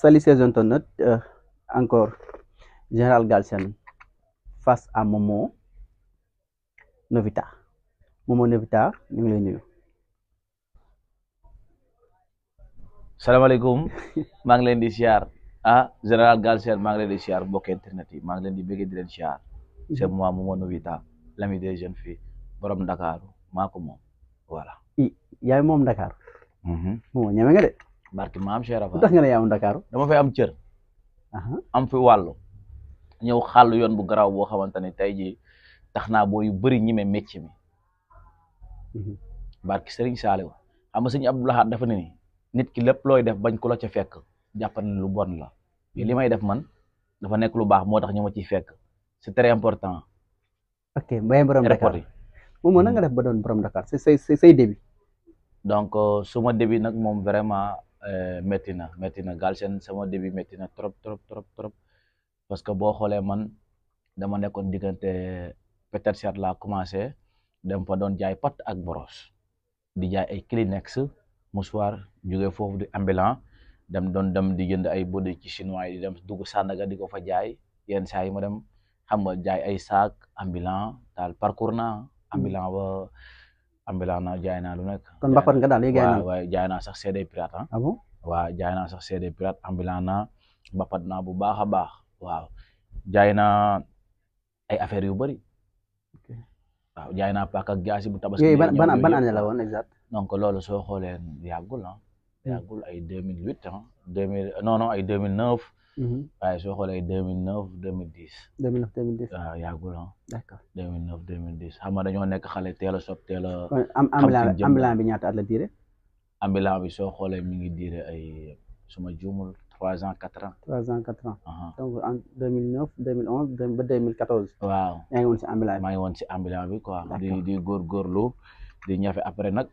Salut chers internautes euh, encore Général Galsen face à Momo Novita Momo Novita ñu ngi lay nuyu. salaamaaleykum maa ngi leen di siyaar ah Général Galsen maa ngi leen di siyaar mbokk internet yi maa ngi leen di bëgg di leen siyaar c'est mm-hmm. moi Momo Novita l'ami des jeunes filles borom Dakar maa ko moom voilà. yaay Dakar. Mm-hmm. Momo ñeme barki maam Cheikh Rafa. tax nga ne yaa am Ndakaaru. dama am cër. am fi wàllu. ñëw xàll yoon bu garaaw boo xamante ne tey jii tax naa boo yu bëri ñime métier mi. Mhm. barki Serigne Saliou am nga sëñ Abdou Lahad dafa ne ni nit ki lépp looy def bañ ku la ca fekk jàppal lu bon la mais li may def man dafa nekk lu baax moo tax ñu ma ciy fekk c'est très important. ok mbay borom Dakar moom moo na nga hmm. def ba doon borom Dakar say say say début. donc euh, su ma nag moom vraiment. Euh, métti na métti na Galsen sama début métti na trop trop trop trop parce que boo xoolee man dama nekkoon diggante Petersen laa commencé dem fa doon jaay pat ak boros di jaay ay Kleenex mouchoir jógee foofu di ambulant dem doon dem di jënd ay body ci chinois yi di dem dugg Sandaga di ko fa jaay yenn saa yi ma dem xam nga jaay ay saak ambulant daal parcours na ambulant ambilaa na jaay naa lu nekk. kon mbapat nga daal léegi jaay naa waaw jaay naa sax CD pirate ah. ah bon waaw jaay naa sax CD pirate ambilaa naa mbapat bu baax a baax waaw jaay naa ay eh, affaires yu bëri. waaw jaay naa paak ak jaasi bu tabaski. yooyu ban ban ban année la woon exact. donc loolu soo xoolee ay 2008 ah Mhm. waaye soo xoolee deux mille neuf deux mille dix. deux mille neuf deux mille dix waaw yàggul ah. d' accord deux mille neuf deux nekk xale teel a sob teel a. am ambulant bi ñaata at la diire. ambulant bi soo xoolee mi ngi diire ay suma juumul trois ans quatre ans. trois ans quatre ans. donc en deux mille neuf deux mille quatorze. waaw yaa ngi si ambulant bi maa ngi woon si ambulant bi quoi. di di góorgóorlu di ñafe après nag.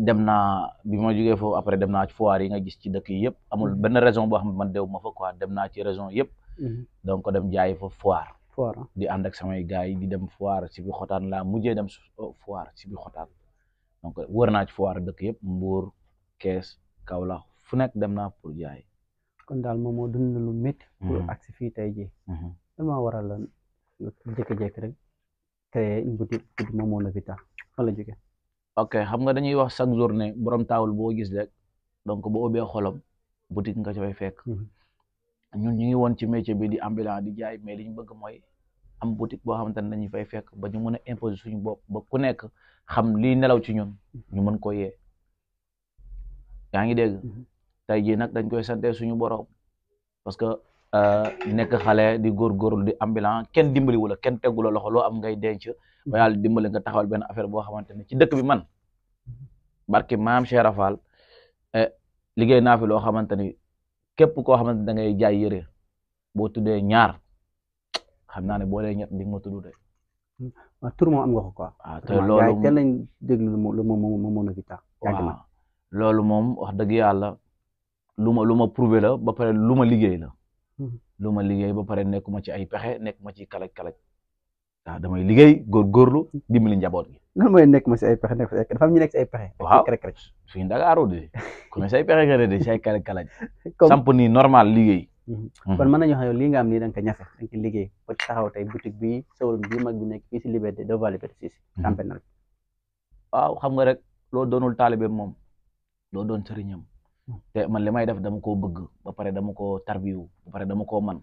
dem naa bi ma jógee foofu après dem naa ci foire yi nga gis ci dëkk yi yëpp amul mhm. benn raison boo xam ne ma dew ma fa quoi dem naa ci raison yëpp mhm. donc dem jaay fo foire foire di ànd ak samay gars yi di dem foire si bi xotaan laa mujjee dem oh, foire si bi xotaan donc wër naa ci foir dëkk yëpp Mbour Kees kawla fu dem naa pour jaay kon daal moom moo dund lu métti pour mhm. agsi fii tey ji lan moo waral la jékki-jékki rek créer une boutique tudd Momo Novita fan la jógee ok xam nga dañuy wax chaque ne borom taawul boo gis rek donc boo ubbee xolam boutique nga ci fay fekk mhm. ñun ñu ngi woon ci métier bi di ambulant di jaay mais li ñu bëgg mooy am boutique boo xamante ne dañuy fay fekk ba ñu mën a imposer suñu bopp ba ku nekk xam lii nelaw ci ñun ñu mën ko yee yaa ngi dégg mhm. tey jii nag dañ koy sante suñu borom parce que euh, nekk xale di góorgóorlu di ambulant kenn dimbaliwu la kenn teggu loxo loo am ngay denc ba yàlla dimbale nga taxawal benn affaire boo xamante ne ci dëkk bi man barki maam Cheikh Rafal eh, liggéey naa fi loo xamante ni képp koo xamante da ngay jaay yëre boo tuddee ñaar xam naa ne boo dee ñett di nga ma tudd de. ko quoi. loolu moom wax dëgg yàlla lu ma lu ma prouvé ba pare lu ma liggéey la. Mhm. lu ma liggéey ba pare nekkuma ci ay pexe nekk nekkuma ci kalaj kalaj waaw damay liggéey góorgóorlu di njaboot jaboot nan mooy nekk ma si ay pexe nekk am ñu nekk ay pexe. waaw suñu pexe kere de si ay normal liggéey. Mhm. Mhm. kon mën nañu wax yow nga am nii da nga ko ñafe da nga ko liggéey ba taxaw tey boutique bi sowrum bii mag bi nekk fii si Liberté Devant Liberté 6. Mhm. Campenal. waaw xam nga rek loo doonul taalibe moom loo doon sëriñam. te man li may def dama koo bëgg ba pare dama koo tarbiwu ba pare dama koo man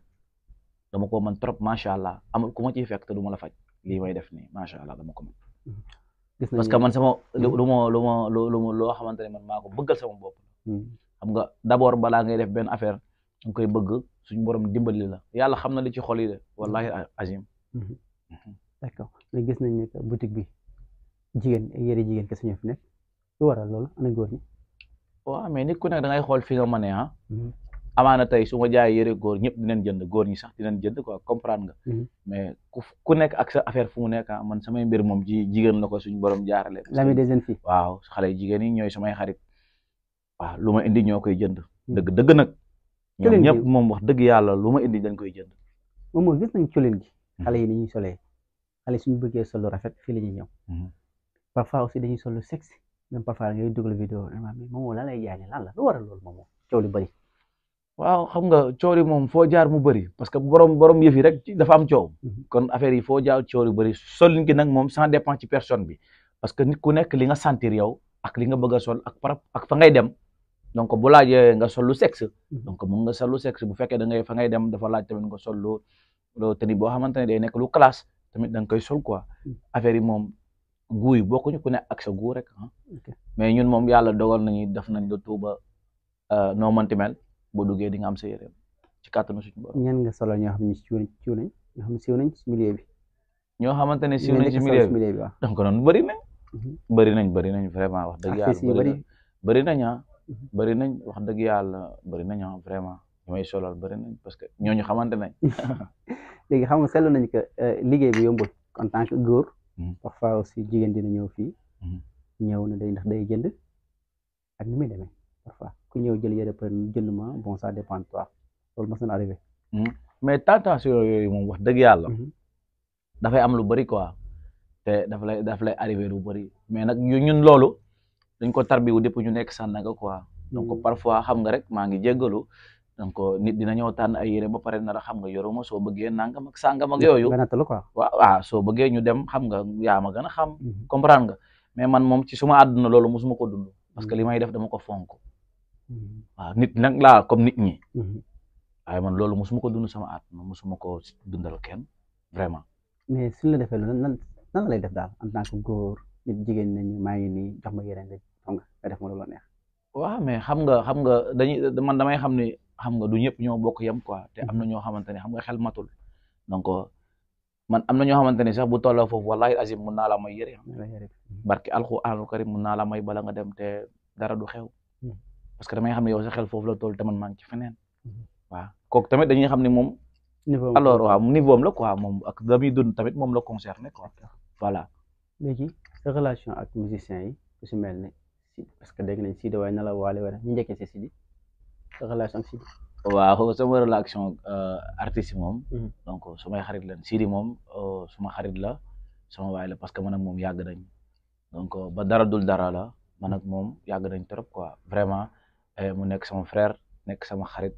dama ko man trop macha allah amul ku ma ciy fekk te du ma la faj lii may def nii macha allah dama ko man parce que man sama lu hmm. ma lu ma lu loo xamante ne man maa ko bëggal sama bopp. Hmm. xam nga d'abord balaa ngay def benn affaire nga koy bëgg suñu borom dimbali la yàlla xam na li ci xol yi de wallahi azim. Hmm. d'accord gis nañ ne que boutique bi jigéen yére jigéen kese ñoo fi nekk lu waral loolu ana góor ñi. waaw mais nit ku nekk da ngay fi nga mën a ah. amaana tey su ma jaay yére góor ñëpp dinañ jënd góor ñi sax dinañ jënd quoi comprendre nga. Mhm. mais ku nekk ak sa affaire fu mu nekk ah man samay mbir moom ji jigéen la ko suñ borom jaarale. lami de jeunes filles waaw xale jigéen ñi ñooy samay xarit waaw lu ma indi ñoo koy jënd. Mhm. dëgg dëgg nag. ñoom ñëpp moom wax dëgg yàlla lu ma indi dañ koy jënd. moom moo gis nañ culin gi. Mhm. xale yi ni ñuy solee xale suñu bëggee solo rafet fii la ñuy ñëw. parfois aussi dañuy solo sexy même parfois ngay dugal vidéo vraiment eh, mais moom lan lay jaay lan la lu waral loolu moom coow li waaw xam nga coow li moom foo jaar mu bëri parce que borom borom yëf yi rek dafa am coow mm-hmm. kon affaire yi foo jaar coow yu bëri solin gi nag moom sans dépend ci personne bi parce que nit ku nekk li nga sentir yow ak li nga bëgg a sol ak par ak fa ngay dem donc bu laaje nga sol lu sexe mm-hmm. donc mun nga sol lu sexe bu fekkee da ngay fa ngay dem dafa laaj tamit nga sol lu lu tenue boo xamante ne day nekk lu classe tamit da nga koy sol quoi mm-hmm. affaire yi moom gu yi bokkuñu ku ne ak sa gu rek ah mais ñun moom yàlla dogal nañu def nañ lu tuuba euh, noo mënti mel boo duggee di nga am sa yére ci kàttanu suñu borom. ñan nga solo ñoo xam ne siiw nañ siiw nañ ñoo xam ne siiw nañ ci milieu bi. ñoo xamante ne siiw nañ ci milieu bi donc noonu bëri nañ. Mhm. bëri nañ bëri nañ vraiment wax dëgg yàlla bëri nañ ah. Mhm. bëri nañ wax dëgg yàlla bëri nañ ah vraiment ñu may solal bëri nañ parce que ñooñu xamante nañ. léegi xam nga seetlu nañ que euh, liggéey bi yombul en tant que góor. Mhm. parfois aussi jigéen dina ñëw fii. ñëw na day ndax day jënd ak ni muy demee. parfois ku ñëw jël yére pare jël ma bon ça dépend toi loolu mos na arrivé. Hmm. mais tentation yooyu moom wax dëgg yàlla. Mhm. dafay am lu bëri quoi te daf lay daf lay arrivé lu bëri mais nag ñun loolu dañ ko tarbiwu depuis ñu nekk Sandaga quoi. donc mhm. parfois xam nga rek maa ngi jéggalu donc nit dina ñëw tànn ay yére ba pare nar a xam nga yoruma soo bëggee nangam ak sangam ak yooyu. gànnaatal quoi waaw waaw soo bëggee ñu dem xam nga yaa ma gën a xam. Mhm. comprendre nga mais man moom ci suma àdduna loolu mosuma ko dund. parce que li may def dama ko fonk. waaw mm-hmm. ah, nit nag laa comme nit ñi. Mm-hmm. waaye man loolu mosuma ko dund sama at mosuma ko dundal kenn vraiment. mais suñ la defee loolu nan nan la lay def daal en tant que góor nit jigéen nañu maa ngi nii jox ma yereen rek xam nga def ma loolu neex. waaw mais xam nga xam nga dañuy man damay xam ni xam nga du ñëpp ñoo bokk yem quoi te am na mm-hmm. ñoo xamante ne xam nga xel matul donc man am na ñoo xamante ne sax bu tolloo foofu wallahi azim mun naa la may yëre barki alxuraanul karim mun naa la may bala nga dem te dara du xew. parce que damay xam ne yow sa xel la toll te man maa ngi feneen mhm. waaw kooku tamit dañuy xam ne moom. niveau alors waaw niveau am la quoi moom ak la muy dund tamit moom la concerné voilà. léegi ak musiciens yi si mel ne parce que dégg nañ Sidi waaye na la waale wala ñu njëkkee si Sidi sa relation ak Sidi. waaw sama relation euh, artiste yi moom. Mhm. donc sumay euh, xarit la soma waay la parce que man ak moom yàgg nañ donc euh, ba dara dul dara la man ak moom yàgg nañ trop quoi vraiment. Eh, mu nekk sama frère nekk sama xarit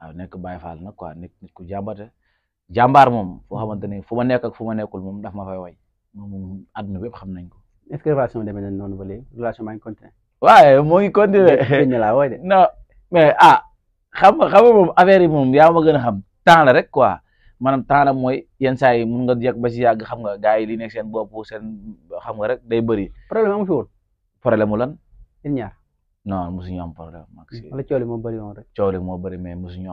waaw nekk Baye Fall nag quoi nekk nit ku jàmbate jàmbaar moom foo hmm. xamante ni fu ma nekk ak fu ma nekkul moom daf ma fay way moom moom àdduna bépp xam nañ ko. est-ce que relation demee na noonu ba léegi relation maa ngi continué. waaye moo ngi continué. dégg nga laa mais ah xam nga xam nga affaire yi moom yaa ma gën a xam temps rek quoi. maanaam temps nag mooy yenn saa yi mun nga yegg ba si yàgg xam nga gars yi li nekk seen bopp seen xam ga rek day bëri. problème amu fi woon. problème mu lan. ñaar non mosuñu am problème ak Sidi. wala moo mm, bëri woon rek. coow li moo bëri mais mosuñu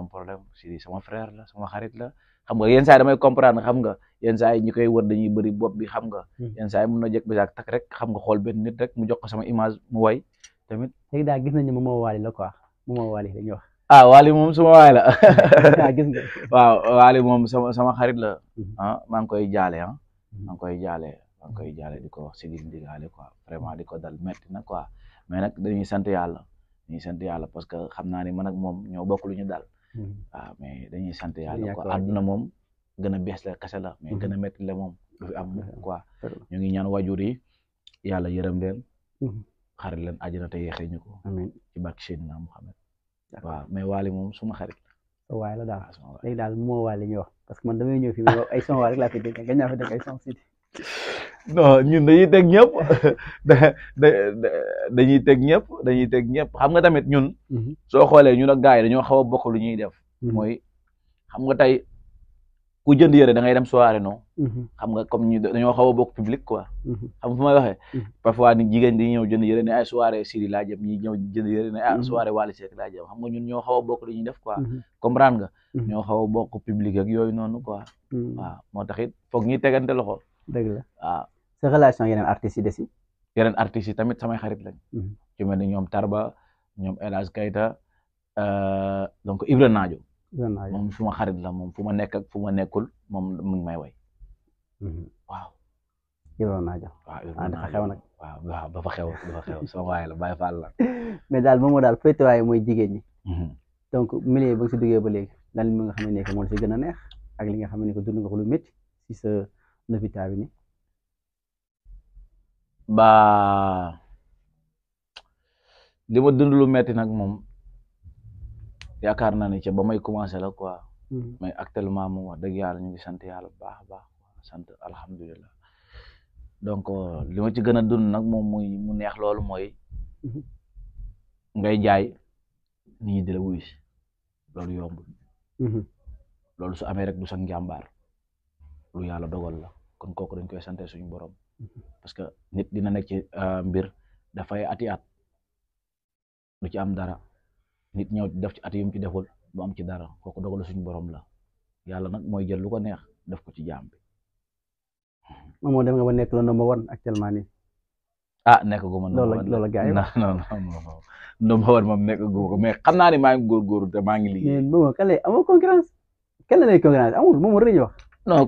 sama frère la sama xarit la xam nga yenn saa yi damay comprendre xam nga yenn saa yi ñi koy wër dañuy bëri bopp bi xam nga. Mm. yenn saa yi mun na ak tak rek xam nga xool benn nit rek mu jox ko sama image mu way tamit. léegi daal gis nañu ma moom moo waali la quoi moom moo waali dañuy wax. ah waali moom la. Ah, gis nga. waaw waali moom sama sama xarit la. Mm-hmm. ah maa ngi koy jaale ah. Mm-hmm. maa ngi koy jaale maa ngi koy mm-hmm. jaale di ko wax Sidi Ndigaale quoi vraiment di ko dal metti na quoi. mais nag dañuy sant yàlla parce que xam naa ne man ak moom ñoo bokk lu ñu daal. Hmm. waaw mais dañuy sant yàlla quoi àdduna moom gën a bees la kese la mais gën a métti hmm. la moom du fi am hmm. quoi ñu ngi ñaan wajur yi yàlla yërëm leen xarit leen àjjana te yeexee ñu ko amiin ci barke Seydina Muhammad waaw mais Wally moom suma xarit la waaye la daal ah, léegi daal moo Wally ñu wax parce que man damay ñëw fi ay son waa rek laa fi dégg nga ñaa fi dégg ay son si non ñun dañuy teg ñëpp dañuy teg ñëpp dañuy teg ñëpp xam nga tamit ñun soo xoolee ñun ak gars yi dañoo xaw a bokk lu ñuy def mooy xam nga tey ku jënd yëre da ngay dem soirée non xam nga comme ñu dañoo xaw a bokk public quoi xam nga fu may waxee parfois ni jigéen di ñëw jënd yëre ne ay soirée Siri laa jëm ñi ñëw jënd yëre ne ah soirée Wally Seck laa xam nga ñun ñoo xaw a bokk lu ñuy def quoi comprendre nga ñoo xaw a bokk public ak yooyu noonu quoi waaw moo tax it foog ñuy tegante loxo dëgg sa relation yeneen artistes yi desi yeneen artistes tamit samay xarit la ci mm-hmm. mel ni ñoom Tarba ñoom El Hadj Kayta euh, donc Ibra Naajo moom suma xarit la moom fu ma nekk ak fu ma nekkul moom mu ngi may way mm-hmm. waaw Ibra Naajo waaw dafa xew nag waaw waaw dafa xew dafa xew sama waay la Baye Fall la mais daal moom moo daal féetewaay mooy jigéen ñi mm-hmm. donc milieu ba nga si duggee ba léegi lan mi nga xam ne moo la si gën a neex ak li nga xam ne dund nga ko lu métti si sa novita bi ni baa li ma dund metti nag moom yaakaar naa ne ca ba may commencé la quoi. Mm-hmm. mais actuellement moom wax dëgg yàlla ñu ngi sant yàlla bu baax a baax sant alhamdulilah donc euh, li ma ci gën a dund nag moom muy mu neex loolu mooy mm-hmm. ngay jaay nit ñi di la wuyu si loolu yombul. Mm-hmm. su amee rek du sa njàmbaar yàlla dogal la kon kooku dañ koy sante suñu borom. parce que nit dina nekk ci euh, mbir dafay ati at du ci am dara nit ñëw def ci at yum ci deful du am ci dara kooku dogalu suñu borom la yàlla nag mooy jël lu ko neex def ko ci jaam bi. Momo dem nga ba nekk la number one actuellement nii. ah nekk gu ma number one loolu yi non non non number one nekk gu ma ko mais xam naa ne maa ngi góorgóorlu te maa ngi liggéey.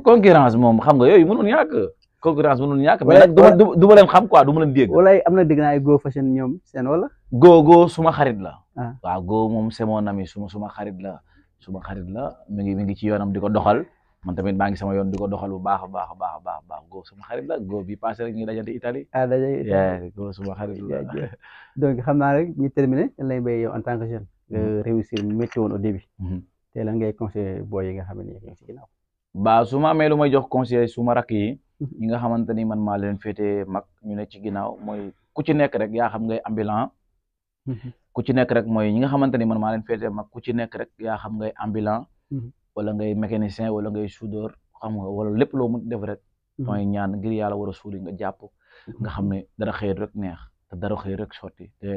concurrence moom xam nga yooyu mënoon ñàkk. concurrence mënul ñàkk mais nag du ma du ma leen xam quoi du ma leen dégg wala am go fashion ñoom seen wala go go suma xarit la ah. waaw go moom c'est suma suma xarit la suma xarit la mi ngi mi ngi ci yoonam di ko doxal man tamit maa ngi sama yoon di ko doxal bu baax a baax a baax baax go suma xarit la go bi passé rek ñu dajante Italie ah dajante go suma xarit la donc xam naa rek ñu terminé dañ lay béy yow en tant que jeune nga mm-hmm. réussir métti woon au début mm-hmm. te lan ngay conseillé booy yi nga xam ma ñi nga xamante ni man maa leen féetee mag ñu ne ci ginnaaw mooy ku ci nekk rek yaa xam ngay ambulant mm-hmm. ku ci nekk rek mooy ñi nga xamante ni man maa leen féetee mag ku ci nekk rek yaa xam ngay ambulant mm-hmm. wala ngay mécanicien wala ngay soudeur xam nga wala lépp loo mën def rek mm-hmm. mooy ñaan ngir yàlla war a suuli nga jàpp nga xam ne dara xëyit rek neex te dara xëyit rek sotti te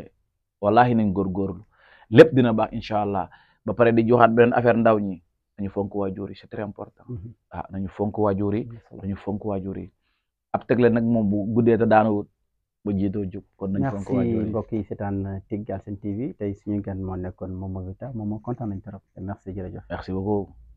wallahi nañ góorgóorlu lépp dina baax incha allah ba pare di joxaat beneen affaire ndaw ñi nañu fonk waajur yi c'est très important mhm. ah nañu fonk waajur yi nañu fonk waajur yi ab tegle nag moom bu guddee te daanu ba jiitoo jóg kon nañu fonk waajur yi merci mbokk yi seetaan Tic Galsen TV tey suñu gan moo nekkoon Momo Wita moom moo kontaan nañ trop merci jërëjëf merci beaucoup